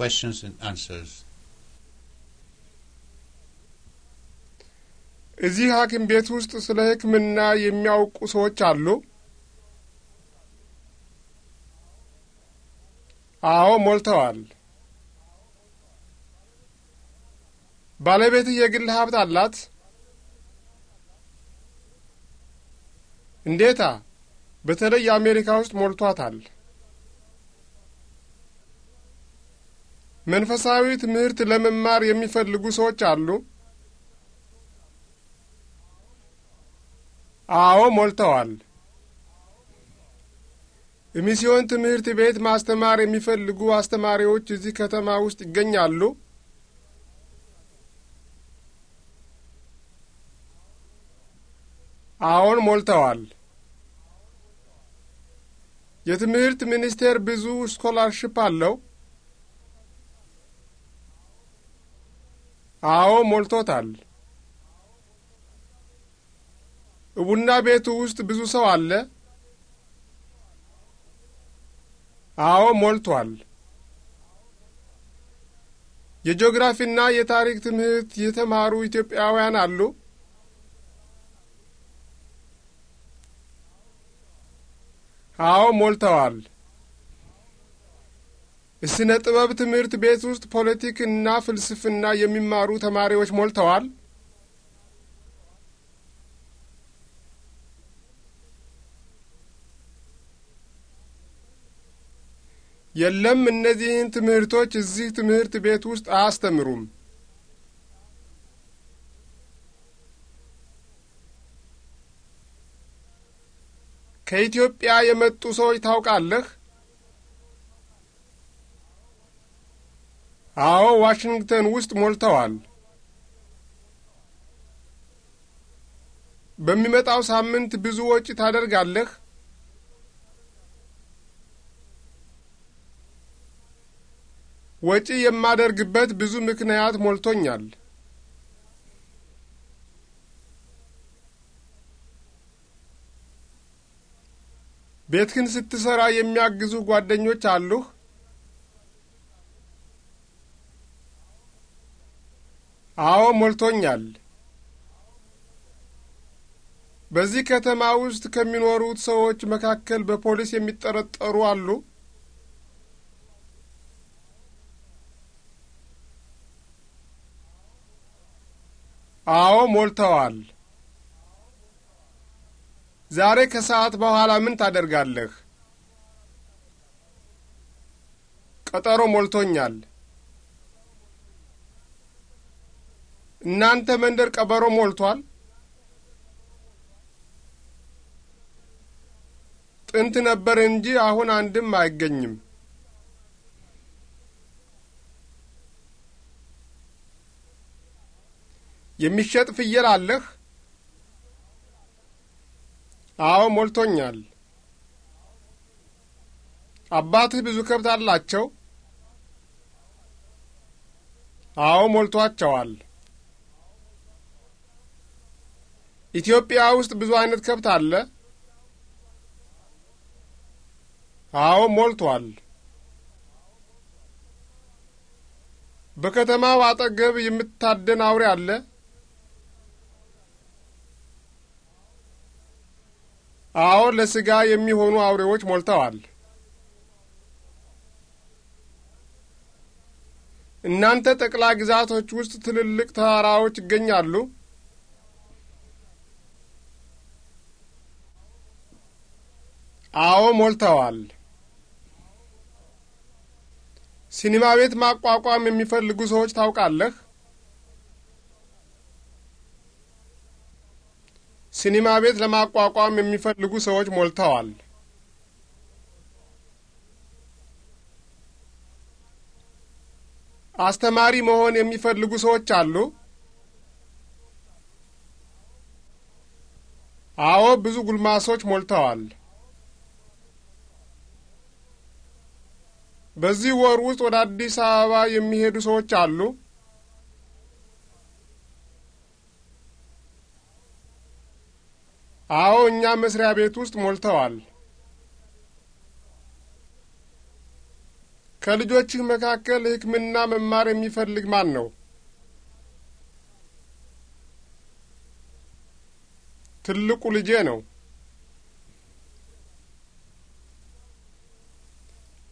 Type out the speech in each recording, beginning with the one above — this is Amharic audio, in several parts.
questions and answers. እዚህ ሐኪም ቤት ውስጥ ስለ ሕክምና የሚያውቁ ሰዎች አሉ? አዎ፣ ሞልተዋል። ባለቤትህ የግል ሀብት አላት? እንዴታ! በተለይ አሜሪካ ውስጥ ሞልቷታል። መንፈሳዊ ትምህርት ለመማር የሚፈልጉ ሰዎች አሉ? አዎ፣ ሞልተዋል። የሚስዮን ትምህርት ቤት ማስተማር የሚፈልጉ አስተማሪዎች እዚህ ከተማ ውስጥ ይገኛሉ? አዎን፣ ሞልተዋል። የትምህርት ሚኒስቴር ብዙ ስኮላርሽፕ አለው? አዎ ሞልቶታል። ቡና ቤቱ ውስጥ ብዙ ሰው አለ? አዎ ሞልቷል። የጂኦግራፊና የታሪክ ትምህርት የተማሩ ኢትዮጵያውያን አሉ? አዎ ሞልተዋል። እስነ ጥበብ ትምህርት ቤት ውስጥ ፖለቲክ እና ፍልስፍና የሚማሩ ተማሪዎች ሞልተዋል? የለም፣ እነዚህን ትምህርቶች እዚህ ትምህርት ቤት ውስጥ አያስተምሩም። ከኢትዮጵያ የመጡ ሰዎች ታውቃለህ? አዎ፣ ዋሽንግተን ውስጥ ሞልተዋል። በሚመጣው ሳምንት ብዙ ወጪ ታደርጋለህ? ወጪ የማደርግበት ብዙ ምክንያት ሞልቶኛል። ቤትህን ስትሰራ የሚያግዙ ጓደኞች አሉህ? አዎ ሞልቶኛል። በዚህ ከተማ ውስጥ ከሚኖሩት ሰዎች መካከል በፖሊስ የሚጠረጠሩ አሉ? አዎ ሞልተዋል። ዛሬ ከሰዓት በኋላ ምን ታደርጋለህ? ቀጠሮ ሞልቶኛል። እናንተ መንደር ቀበሮ ሞልቷል። ጥንት ነበር እንጂ አሁን አንድም አይገኝም። የሚሸጥ ፍየል አለህ? አዎ ሞልቶኛል። አባትህ ብዙ ከብት አላቸው? አዎ ሞልቷቸዋል። ኢትዮጵያ ውስጥ ብዙ አይነት ከብት አለ? አዎ ሞልቷል። በከተማው አጠገብ የምታደን አውሬ አለ? አዎ ለስጋ የሚሆኑ አውሬዎች ሞልተዋል። እናንተ ጠቅላይ ግዛቶች ውስጥ ትልልቅ ተራራዎች ይገኛሉ? አዎ ሞልተዋል። ሲኒማ ቤት ማቋቋም የሚፈልጉ ሰዎች ታውቃለህ? ሲኒማ ቤት ለማቋቋም የሚፈልጉ ሰዎች ሞልተዋል። አስተማሪ መሆን የሚፈልጉ ሰዎች አሉ? አዎ፣ ብዙ ጉልማሶች ሞልተዋል። በዚህ ወር ውስጥ ወደ አዲስ አበባ የሚሄዱ ሰዎች አሉ? አዎ፣ እኛ መስሪያ ቤት ውስጥ ሞልተዋል። ከልጆችህ መካከል ሕክምና መማር የሚፈልግ ማን ነው? ትልቁ ልጄ ነው።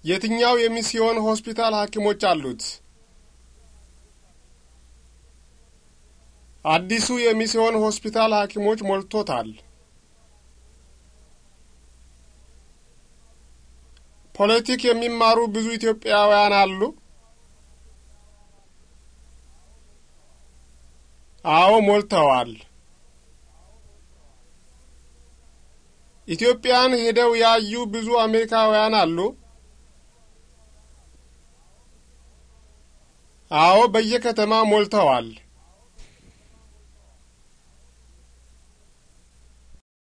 የትኛው የሚስዮን ሆስፒታል ሐኪሞች አሉት? አዲሱ የሚስዮን ሆስፒታል ሐኪሞች ሞልቶታል። ፖለቲክ የሚማሩ ብዙ ኢትዮጵያውያን አሉ? አዎ ሞልተዋል። ኢትዮጵያን ሄደው ያዩ ብዙ አሜሪካውያን አሉ? አዎ፣ በየከተማ ሞልተዋል።